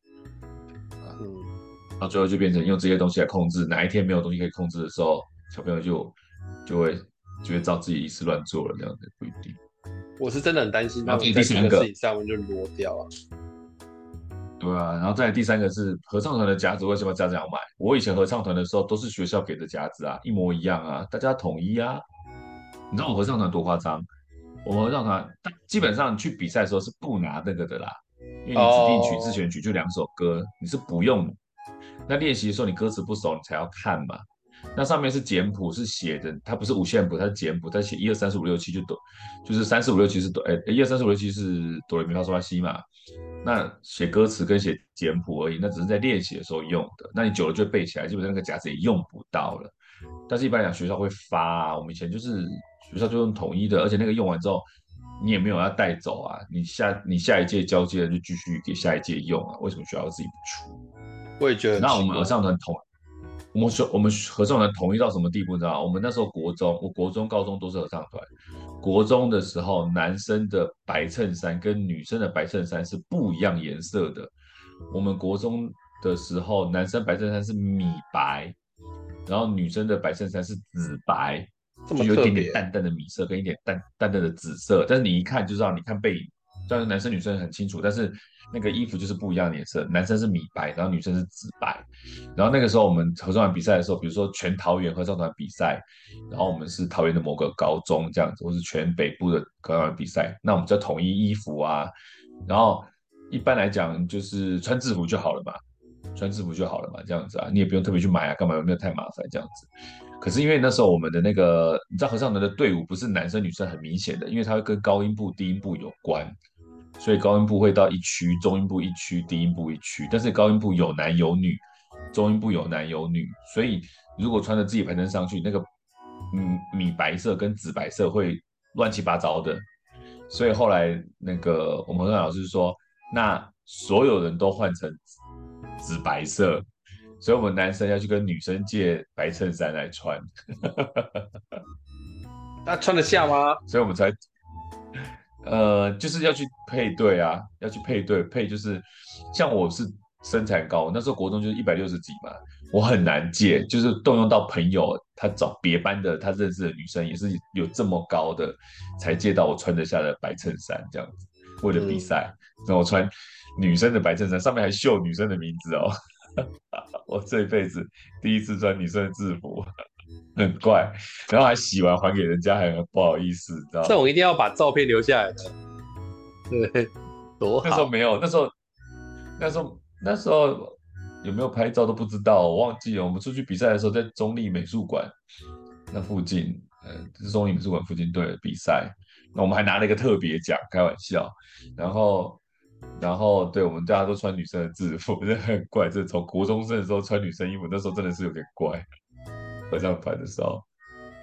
到，嗯、最後就變成用這些東西來控制，哪一天沒有東西可以控制的時候，小朋友就就會就會照自己意思亂做了，這樣子不一定。我是真的很擔心，然後第三個下面就落掉了。對啊，然後再，第三，然後再第三個是合唱團的夾子，為什麼家長要買？我以前合唱團的時候都是學校給的夾子啊，一模一樣啊，大家統一啊。你知道我合唱團多誇張？我合唱團基本上去比賽的時候是不拿那個的啦。因為你指定曲自選曲就兩首歌，你是不用。那練習的時候你歌詞不熟，你才要看嘛。那上面是簡譜，是寫的，它不是五線譜，它是簡譜，它寫一二三四五六七就哆，就是三四五六七是哆，哎一二三四五六七是哆瑞咪發嗦拉西嘛。那寫歌詞跟寫簡譜而已，那只是在練習的時候用的。那你久了就會背起來，基本上那個夾子也用不到了。但是一般來講學校會發啊，我們以前就是學校就用統一的，而且那個用完之後。你也沒有要帶走啊，你下你下一屆交接了就繼續給下一屆用啊，為什麼學校要自己不出？我也覺得。那我們合唱團統，我們我們合唱團統一到什麼地步？你知道嗎？我們那時候國中，我國中、高中都是合唱團。國中的時候，男生的白襯衫跟女生的白襯衫是不一樣顏色的。我們國中的時候，男生白襯衫是米白，然後女生的白襯衫是紫白。就有一點點淡淡的米色，跟一點淡淡淡的紫色，但是你一看就知道，你看背影，雖然男生女生很清楚，但是那個衣服就是不一樣的顏色，男生是米白，然後女生是紫白。然後那個時候我們合唱團比賽的時候，比如說全桃園合唱團比賽，然後我們是桃園的某個高中這樣子，或是全北部的合唱團比賽，那我們就統一衣服啊，然後一般來講就是穿制服就好了嘛，穿制服就好了嘛，這樣子啊，你也不用特別去買啊，幹嘛，有沒有太麻煩這樣子？可是因為那時候我們的那個，你知道合唱團的隊伍不是男生女生很明顯的，因為它會跟高音部、低音部有關，所以高音部會到一區，中音部一區，低音部一區。但是高音部有男有女，中音部有男有女，所以如果穿着自己牌子上去，那個米米白色跟紫白色會亂七八糟的。所以後來那個我們合唱老師說，那所有人都換成紫白色。所以我們男生要去跟女生借白襯衫來穿，那 穿得下嗎？所以我們才，呃，就是要去配對啊，要去配對，配就是像我是身材高，我那時候國中就是一百六十幾嘛，我很難借，就是動用到朋友，他找別班的他認識的女生，也是有這麼高的才借到我穿得下的白襯衫，這樣子為了比賽，然後、嗯、我穿女生的白襯衫，上面還繡女生的名字哦。我這一輩子第一次穿女生的制服，很怪，然後還洗完還給人家，還不好意思，知道嗎？這我一定要把照片留下來的。對，多好。那時候沒有那時候，那時候，那時候，那時候有沒有拍照都不知道，我忘記了。我們出去比賽的時候，在中立美術館那附近，呃、嗯，中立美術館附近對比賽，那我們還拿了一個特別獎，開玩笑，然後。然後，對，我們大家都穿女生的制服，真的很怪。這從國中生的時候穿女生衣服，那時候真的是有點怪。合唱團的時候，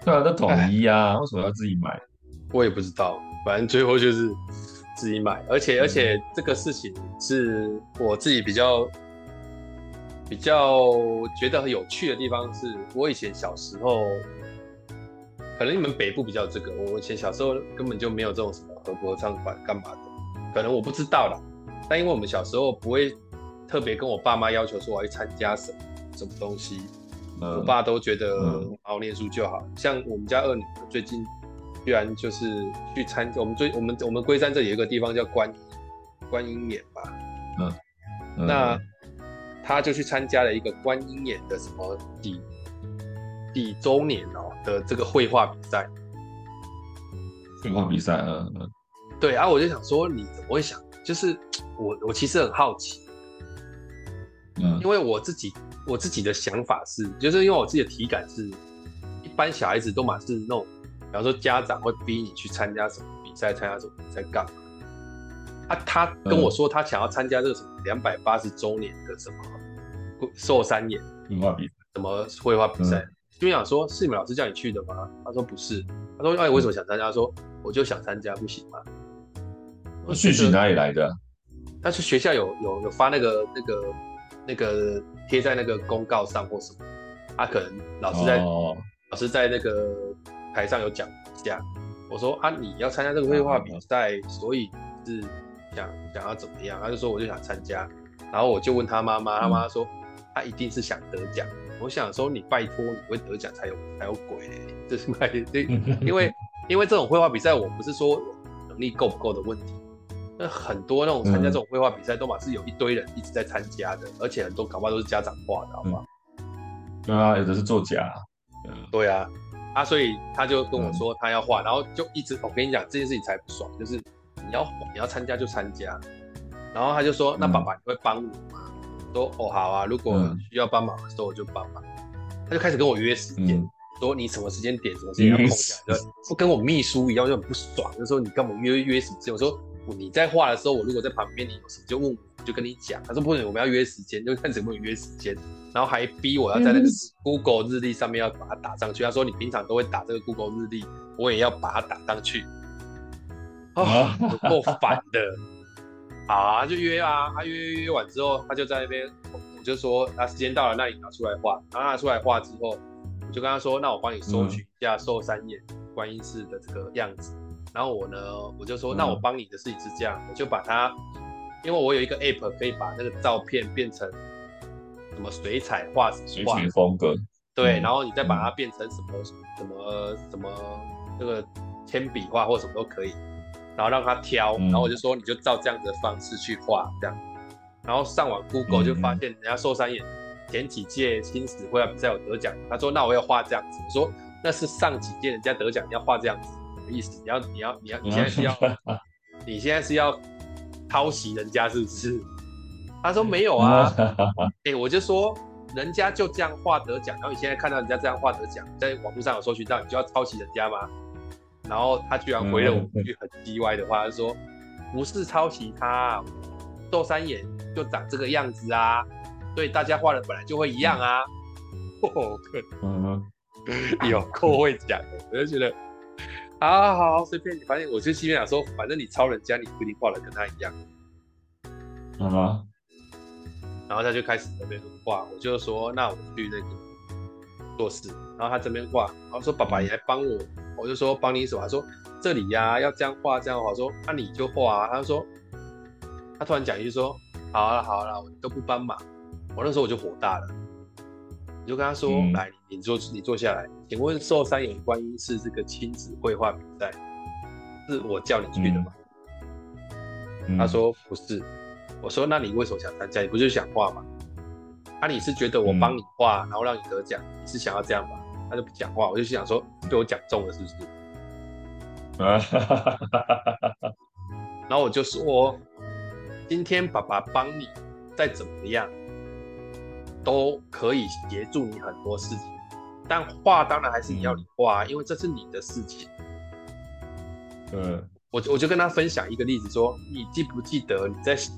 對啊，都統一啊，為什麼要自己買？我也不知道。反正最後就是自己買，而且而且這個事情是我自己比較比較覺得很有趣的地方是，是我以前小時候，可能你們北部比較這個，我以前小時候根本就沒有這種什麼合合唱團幹嘛的，可能我不知道啦。但因為我們小時候不會特別跟我爸媽要求說我要參加什麼什麼東西、嗯，我爸都覺得熬念書就好、嗯。像我們家二女最近居然就是去參，我們最我們我們龜山這裡有一個地方叫觀音觀音岩吧嗯，嗯，那他就去參加了一個觀音岩的什麼幾幾周年哦、喔、的這個繪畫比賽，繪畫比賽，嗯嗯，對啊，我就想說你怎麼會想？就是我，我其實很好奇、嗯，因為我自己，我自己的想法是，就是因為我自己的體感是，一般小孩子都滿是那種，比方說家長會逼你去參加什麼比賽，參加什麼比賽幹嘛、啊。他跟我說他想要參加這個什麼兩百八十周年的什麼壽山巖什麼繪畫比賽、嗯，就想說，是你們老師叫你去的嗎？他說不是，他說，哎，為什麼想參加？他說我就想參加，不行嗎？信息哪裡來的？他是學校有有有發那個那個那個貼在那個公告上或什麼，他、啊、可能老師在、哦、老師在那個台上有講講，我說啊，你要參加這個繪畫比賽，所以是想想要怎麼樣？他、啊、就說我就想參加，然後我就問他媽媽，他、嗯、媽說他、啊、一定是想得獎。我想說你拜托，你不會得獎才有才有鬼，這是因因為因為這種繪畫比賽，我不是說能力夠不夠的問題。那很多那種參加這種繪畫比賽，都嘛是有一堆人一直在參加的，嗯，而且很多搞不好都是家長畫的，好，嗯、吧？對啊，有的是作假，對啊，啊，所以他就跟我說他要畫，嗯，然後就一直我、哦、跟你講這件事情才不爽，就是你要你要參加就參加，然後他就說、嗯、那爸爸你會幫我嗎？說哦好啊，如果需要幫忙的時候我就幫忙。他就開始跟我約時間，嗯，說你什麼時間點什麼時間要空下來、嗯就，不跟我秘書一樣就很不爽，就說你幹嘛約約什麼時？我說。你在畫的時候，我如果在旁邊，你有什麼就問我，我就跟你講。他說不能，我們要約時間，就看怎麼能約時間。然後還逼我要在那個 Google 日曆上面要把它打上去、嗯。他說你平常都會打這個 Google 日曆，我也要把它打上去。啊，夠煩的。啊， 就約啊，他約約約完之後，他就在那邊，我就說他時間到了，那你拿出來畫。然後他拿出來畫之後，我就跟他說，那我幫你搜尋一下壽山岩觀音寺的這個樣子。然後我呢，我就說，那我幫你的事情是這樣、嗯，我就把它，因為我有一個 app 可以把那個照片變成什麼水彩畫，石畫石，水彩風格，對、嗯，然後你再把它變成什麼、嗯、什麼什麼，什麼那個鉛筆畫或什麼都可以，然後讓他挑、嗯，然後我就說，你就照這樣的方式去畫這樣，然後上網 Google 就發現人家壽山巖嗯嗯前幾屆親子繪畫比賽有得獎，他說那我要畫這樣子，我說那是上幾屆人家得獎，你要畫這樣子。意思，你要你要你要，你現在是要， 你現在是要抄襲人家是不是？他說沒有啊，哎，我就說人家就這樣畫得獎，然後你現在看到人家這樣畫得獎，在網絡上有搜尋到，你就要抄襲人家嗎？然後他居然回了我一句很嘰歪的話， 他說不是抄襲他，豆三眼就長這個樣子啊，所以大家畫的本來就會一樣啊，哦， 可，有夠會講的，我就覺得。好啊好啊，好，隨便你，反正我就心裡想說，反正你抄人家，你不一定畫得跟他一樣。什、嗯、然後他就開始那邊畫，我就說，那我去那個做事。然後他這邊畫，然後說爸爸也來幫我、嗯，我就說幫你手。他說這裡呀、啊、要這樣畫這樣畫，說那你就畫、啊。他說他突然講一句說，好了、啊、好了、啊，我都不幫忙，我那時候我就火大了，我就跟他說來。嗯你坐，你坐下來。請問壽山岩觀音是這個親子繪畫比賽，是我叫你去的嗎？嗯、他說不是。我說那你為什麼想參加？你不就想畫嗎？啊，你是覺得我幫你畫、嗯，然後讓你得獎，你是想要這樣嗎？他就不講話。我就想說，被我講中了是不是？啊哈哈哈哈哈哈！然後我就說，今天爸爸幫你，再怎麼樣，都可以協助你很多事情。但畫當然還是你要你畫，啊，嗯，因為這是你的事情。嗯，我就我就跟他分享一個例子說，說你記不記得你在小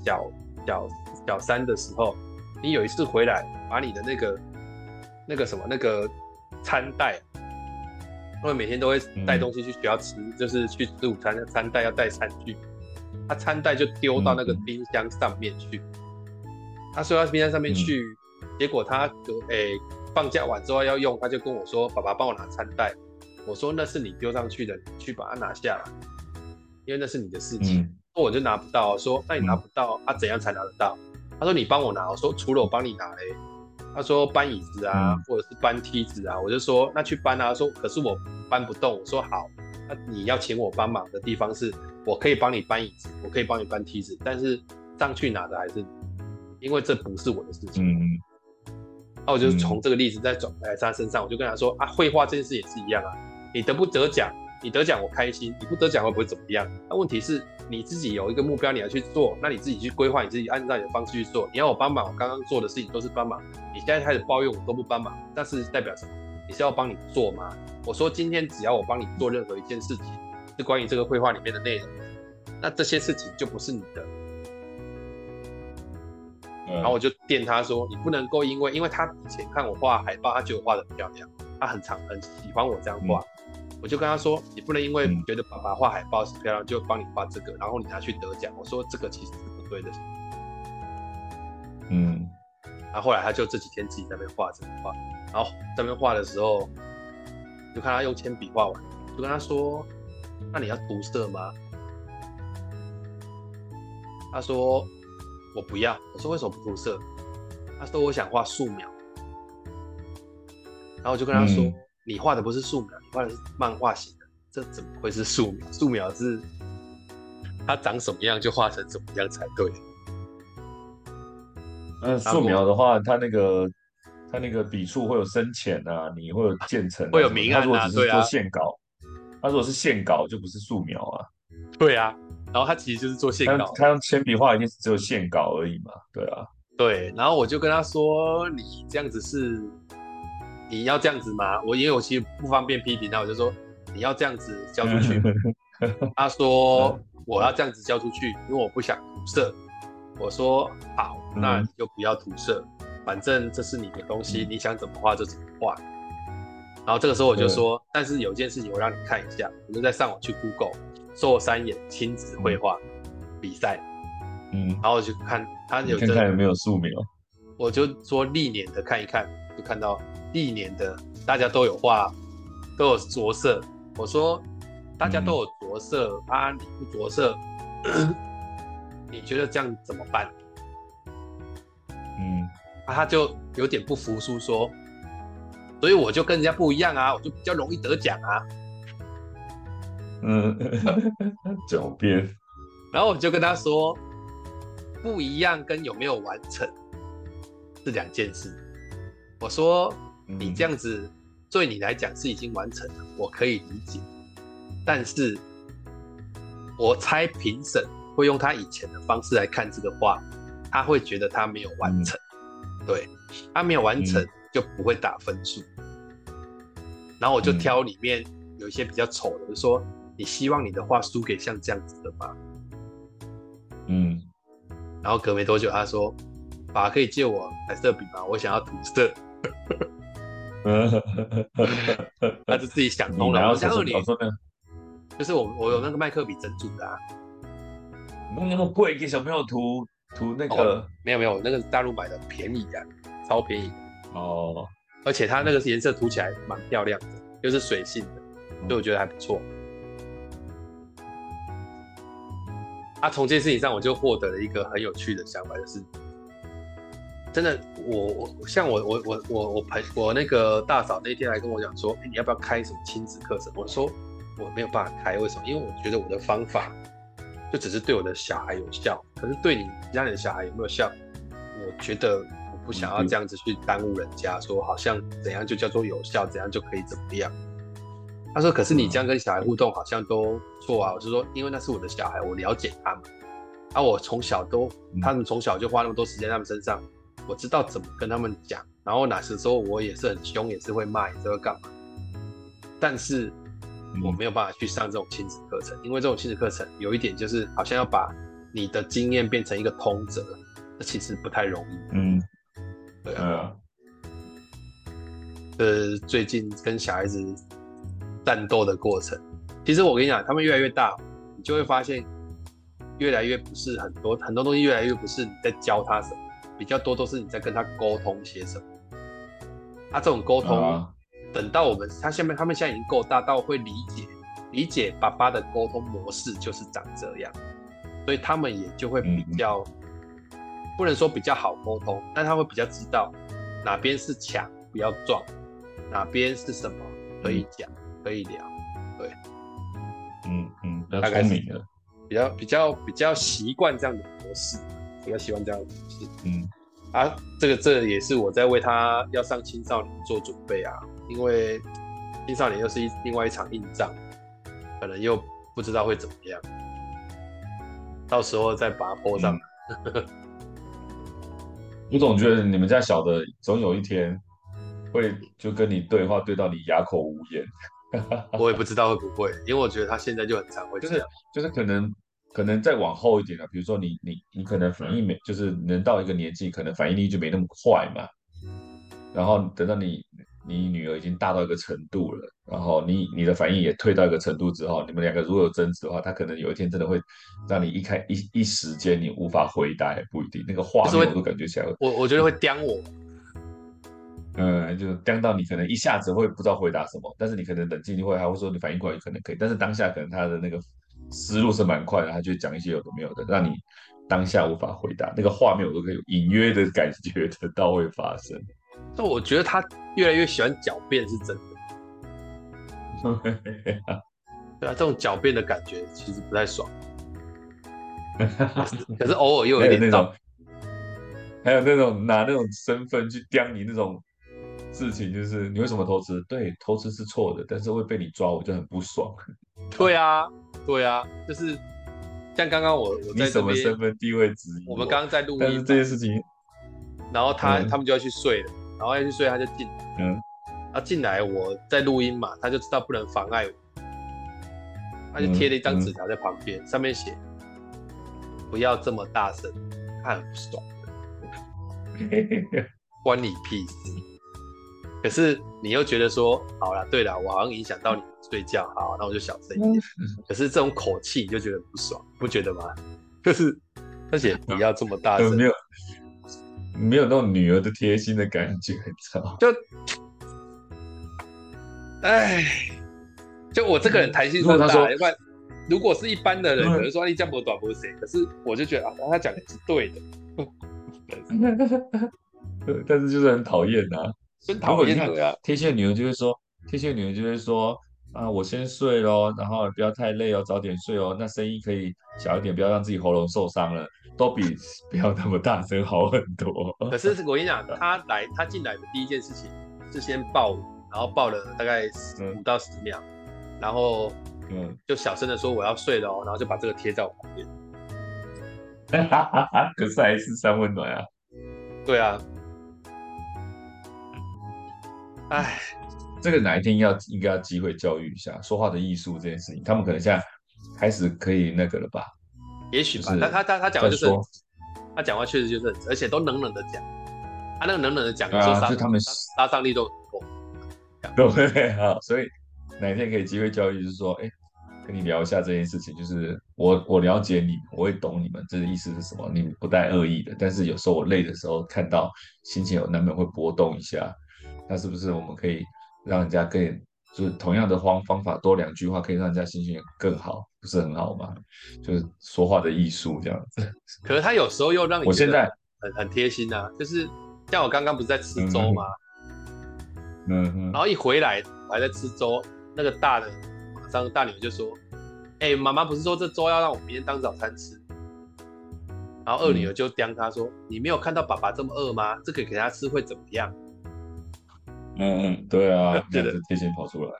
小小三的時候，你有一次回來把你的那個那個什麼那個餐袋，因為每天都會帶東西去學校吃，嗯、就是去吃午餐，那餐袋要帶餐具，他、啊、餐袋就丟到那個冰箱上面去，他、嗯、丟、啊、到冰箱上面去，嗯、結果他就誒。欸放假完之後要用，他就跟我說：“爸爸幫我拿餐袋。”我說：“那是你丟上去的，你去把它拿下來，因為那是你的事情。嗯”那我就拿不到，說：“那你拿不到，他、嗯啊、怎樣才拿得到？”他說：“你幫我拿。”我說：“除了我幫你拿嘞？欸”他說：“搬椅子啊，嗯、或者是搬梯子啊。”我就說：“那去搬啊。”說：“可是我搬不動。”我說：“好，那你要請我幫忙的地方是，我可以幫你搬椅子，我可以幫你搬梯子，但是上去拿的還是你，因為這不是我的事情。嗯”嗯、那我就從這個例子再轉回來在他身上，我就跟他說啊，繪畫這件事也是一樣啊，你得不得獎，你得獎我開心，你不得獎我不會怎麼樣。那問題是你自己有一個目標，你要去做，那你自己去規劃，你自己按照你的方式去做。你要我幫忙，我剛剛做的事情都是幫忙。你現在開始抱怨我都不幫忙，但是代表什麼？你是要幫你做嗎？我說今天只要我幫你做任何一件事情，是關於這個繪畫裡面的內容的，那這些事情就不是你的。然後我就電他說：“你不能夠因為，因為他以前看我畫海報，他覺得我畫的很漂亮，他很常很喜歡我這樣畫。嗯”我就跟他說：“你不能因為覺得爸爸畫海報是漂亮，嗯、就幫你畫這個，然後你拿去得獎。”我說：“這個其實是不對的。”嗯，然後後來他就這幾天自己在那邊畫這個畫，然後在那邊畫的時候，就看他用鉛筆畫完，就跟他說：“那你要塗色嗎？”他說。我不要。我說，為什麼不塗色？他說我想畫素描，然後我就跟他說、嗯：“你畫的不是素描，你畫的是漫畫型的，這怎麼會是素描？素描是它長什麼樣就畫成什麼樣才對。呃”那素描的話，它那個它那個筆觸會有深淺啊，你會有漸層、啊，會有明暗啊。對啊，它如果是線稿，它如果是線稿就不是素描啊。對啊。然後他其實就是做線稿，他用鉛筆畫，一定只有線稿而已嘛，對啊，對。然後我就跟他說：“你這樣子是，你要這樣子嗎？”我因為我其實不方便批評他，我就說：“你要這樣子交出去。 ”他說：“ 我要這樣子交出去，因為我不想塗色。”我說：“好，那你就不要塗色，嗯、反正這是你的東西、嗯，你想怎麼畫就怎麼畫。”然後這個時候我就說：“但是有一件事情，我讓你看一下，我就在上網去 Google。”做三眼親子繪畫、嗯、比賽，嗯，然後就看他有看，看有沒有素描，我就說歷年的看一看，就看到歷年的大家都有畫，都有着色。我說大家都有着色、嗯、啊，你不着色、嗯，你覺得這樣怎麼辦？嗯，啊、他就有點不服輸，說，所以我就跟人家不一樣啊，我就比較容易得獎啊。嗯，狡辯。然後我就跟他說，不一樣跟有沒有完成是兩件事。我說，你這樣子對你來講是已經完成了，我可以理解。但是，我猜評審會用他以前的方式來看這個畫，他會覺得他沒有完成。嗯、對，他沒有完成、嗯、就不會打分數。然後我就挑裡面有一些比較醜的就說。你希望你的畫輸給像這樣子的嗎？嗯。然後隔沒多久，他說：“爸、啊，可以借我彩色筆嗎？我想要塗色。 嗯嗯嗯嗯”他就自己想通了。我像二年，就是我我有那個麥克筆整組的、啊，那那麼貴，給小朋友塗塗那個、哦、沒有沒有，那個是大陸買的，便宜的、啊，超便宜。哦。而且它那個顏色塗起來蠻漂亮的，又、就是水性的、嗯，所以我覺得還不錯。啊，從這件事情上，我就獲得了一個很有趣的想法，就是，真的我，我我像我我我我我朋我那個大嫂那天來跟我講說，哎、欸，你要不要開什麼親子課程？我說我沒有辦法開，為什麼？因為我覺得我的方法就只是對我的小孩有效，可是對你家裡的小孩有沒有效？我覺得我不想要這樣子去耽誤人家嗯嗯，說好像怎樣就叫做有效，怎樣就可以怎麼樣。他說：“可是你這樣跟小孩互動，好像都錯啊！”我就說，因為那是我的小孩，我了解他們。啊，我從小都他們從小就花那麼多時間在他們身上，我知道怎麼跟他們講。然後哪時候我也是很凶，也是會罵，也是會幹嘛。但是我沒有辦法去上這種親子課程，因為這種親子課程有一點就是，好像要把你的經驗變成一個通則，這其實不太容易，啊嗯。嗯，對、嗯、啊。呃、嗯，最近跟小孩子戰鬥的過程，其實我跟你講，他們越來越大，你就會發現越來越不是很多很多東西，越來越不是你在教他什麼，比較多都是你在跟他溝通些什麼。他、啊、這種溝通、哦，等到我們他下面他們現在已經夠大到我會理解，理解爸爸的溝通模式就是長這樣，所以他們也就會比較，嗯嗯不能說比較好溝通，但他會比較知道哪邊是牆不要撞，哪邊是什麼可以講。嗯可以聊，對，嗯嗯，大概聰明了，比較比較比較習慣這樣的模式，比較習慣這樣子模式，嗯，啊，這個這個、也是我在為他要上青少年做準備啊，因為青少年又是一另外一場硬仗，可能又不知道會怎麼樣，到時候再把它播上。嗯、 我總覺得你們家小的總有一天會就跟你對話，對到你啞口無言。 我也不知道會不會，因為我覺得他現在就很慚愧，就是就是可能可能再往後一點了，比如說你你你可能反應沒、嗯，就是能到一個年紀，可能反應力就沒那麼快嘛。然後等到你你女兒已經大到一個程度了，然後你你的反應也退到一個程度之後，你們兩個如果有爭執的話，他可能有一天真的會讓你一開一一時間你無法回答，也不一定那個話我都感覺起來、就是，我我覺得會頂我。嗯，就刁到你可能一下子會不知道回答什麼，但是你可能冷靜一會，還會說你反應過來可能可以，但是當下可能他的那個思路是蠻快的，他就講一些有的沒有的，讓你當下無法回答。那個畫面我都可以隱約的感覺得到會發生。但我覺得他越來越喜歡狡辯，是真的。 對啊，這種狡辯的感覺其實不太爽。 可是，可是偶爾又有一點有那種，還有那種拿那種身份去刁你那種。事情就是你為什麼偷吃？對，偷吃是錯的，但是會被你抓，我就很不爽。對啊，對啊，就是像剛剛我我在這邊，你什麼身份地位質疑我，我們剛剛在錄音，但是這件事情，然後他、嗯、他們就要去睡了，然後要去睡他就進，嗯，他、啊、進來我在錄音嘛，他就知道不能妨礙我，他就貼了一張紙條在旁邊、嗯嗯，上面寫不要這麼大聲，他很不爽的， 關你屁事。可是你又覺得說好啦，對啦，我好像影響到你睡覺，好，那我就小聲一點、嗯。可是這種口氣你就覺得不爽，不覺得嗎？就是，而且你要這麼大聲，呃、沒有沒有那種女兒的貼心的感覺，你知道嗎？就，哎，就我這個人彈性很大，嗯、如果說如果是一般的人，嗯、可能說你這樣不短不誰？可是我就覺得啊，他講的是對的， 但是就是很討厭吶、啊。啊、如果貼貼線的女人就會說，貼線的女人就會說，啊，我先睡嘍，然後不要太累哦，早點睡哦，那聲音可以小一點，不要讓自己喉嚨受傷了，都比不要那麼大聲好很多。可是我跟你講，他來，他進來的第一件事情 是先抱，然後抱了大概五到十秒、嗯，然後嗯，就小聲的說我要睡了哦，然後就把這個貼在我旁邊。 可是還是三溫暖啊。對啊。哎，這個哪一天要應該要機會教育一下說話的藝術這件事情，他們可能現在開始可以那個了吧？也許吧。就是、他他他他講的就是，他講話確實就是，而且都冷冷的講，他那個冷冷的講，啊、就殺就他們殺傷力都很多，沒對對？好，所以哪一天可以機會教育，就是說，哎，跟你聊一下這件事情，就是我我了解你，我會懂你們，這個意思是什麼？你們不帶惡意的，但是有時候我累的時候，看到心情有難免會波動一下。那是不是我們可以讓人家更就是同樣的方方法多兩句話可以讓人家心情更好，不是很好嗎？就是說話的藝術這樣子。可是他有時候又讓你我現在很很貼心啊，就是像我剛剛不是在吃粥嗎？嗯哼。嗯哼，然後一回來我還在吃粥，那個大的馬上大女兒就說：“哎、欸，媽媽不是說這粥要讓我明天當早餐吃？”然後二女兒就刁他說、嗯：“你沒有看到爸爸這麼餓嗎？這個給他吃會怎麼樣？”嗯，嗯，對啊，就是提前跑出來。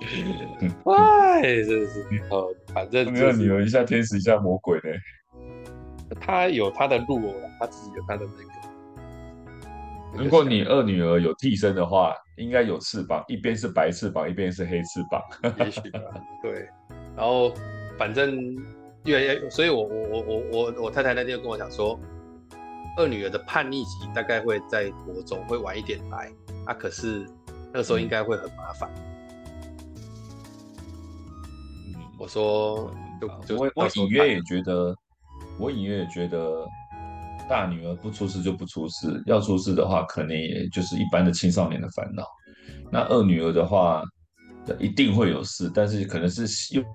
對對對對 哎，真是挺好，呃，反正二女兒，一下天使，一下魔鬼呢。她有她的路，她自己有她的那個、如果你二女兒有替身的話、嗯，應該有翅膀，一邊是白翅膀，一邊是黑翅膀。也許吧、啊。對，然後反正越來越，所以我我我我我我太太那天就跟我講說，二女兒的叛逆期大概會在國中，會晚一點來。他、啊、可是那時候應該會很麻煩、嗯。我說，我我隱約也覺得，我隱約也覺得，大女兒不出事就不出事，要出事的話，可能也就是一般的青少年的煩惱、嗯。那二女兒的話，一定會有事，但是可能是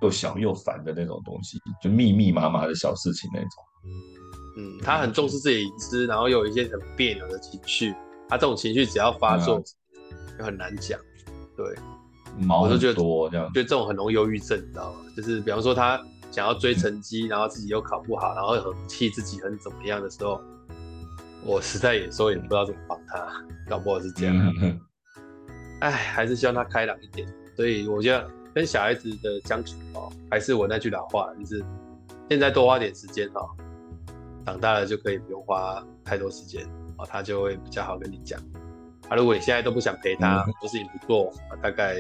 又小又煩的那種東西，就密密麻麻的小事情那種。嗯，她很重視自己隱私，然後有一些很別扭的情緒。他、啊、這種情緒只要發作，啊、就很難講。對毛，我就覺得多這樣，覺得這種很容易憂鬱症，你知道嗎？就是比方說他想要追成績、嗯，然後自己又考不好，然後很氣自己，很怎麼樣的時候，我實在有時候也不知道怎麼幫他，搞不好是這樣、啊。哎、嗯，還是希望他開朗一點。所以我覺得跟小孩子的相處哦，還是我那句老話，就是現在多花點時間哈、哦，長大了就可以不用花太多時間。哦，他就會比較好跟你講。啊，如果你現在都不想陪他，很多事情不做，啊、大概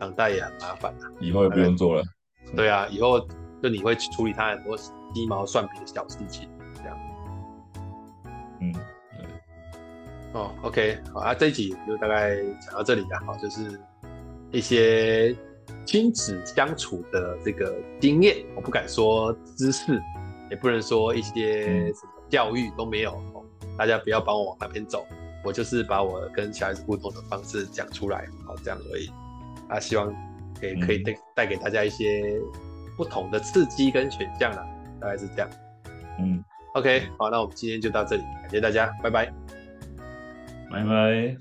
長大也很麻煩了、啊、以後也不用做了、嗯。對啊，以後就你會處理他很多雞毛蒜皮的小事情，這樣。嗯，對。哦，OK，好那、啊、這一集就大概講到這裡啦。好，就是一些親子相處的這個經驗，我不敢說知識，也不能說一些什麼教育都沒有。嗯哦大家不要幫我往那邊走，我就是把我跟小孩子不同的方式講出來，好這樣而已。啊，希望可以可以帶帶給大家一些不同的刺激跟選項啦，嗯，大概是這樣。嗯，OK，好，那我們今天就到這裡，感謝大家，拜拜，拜拜。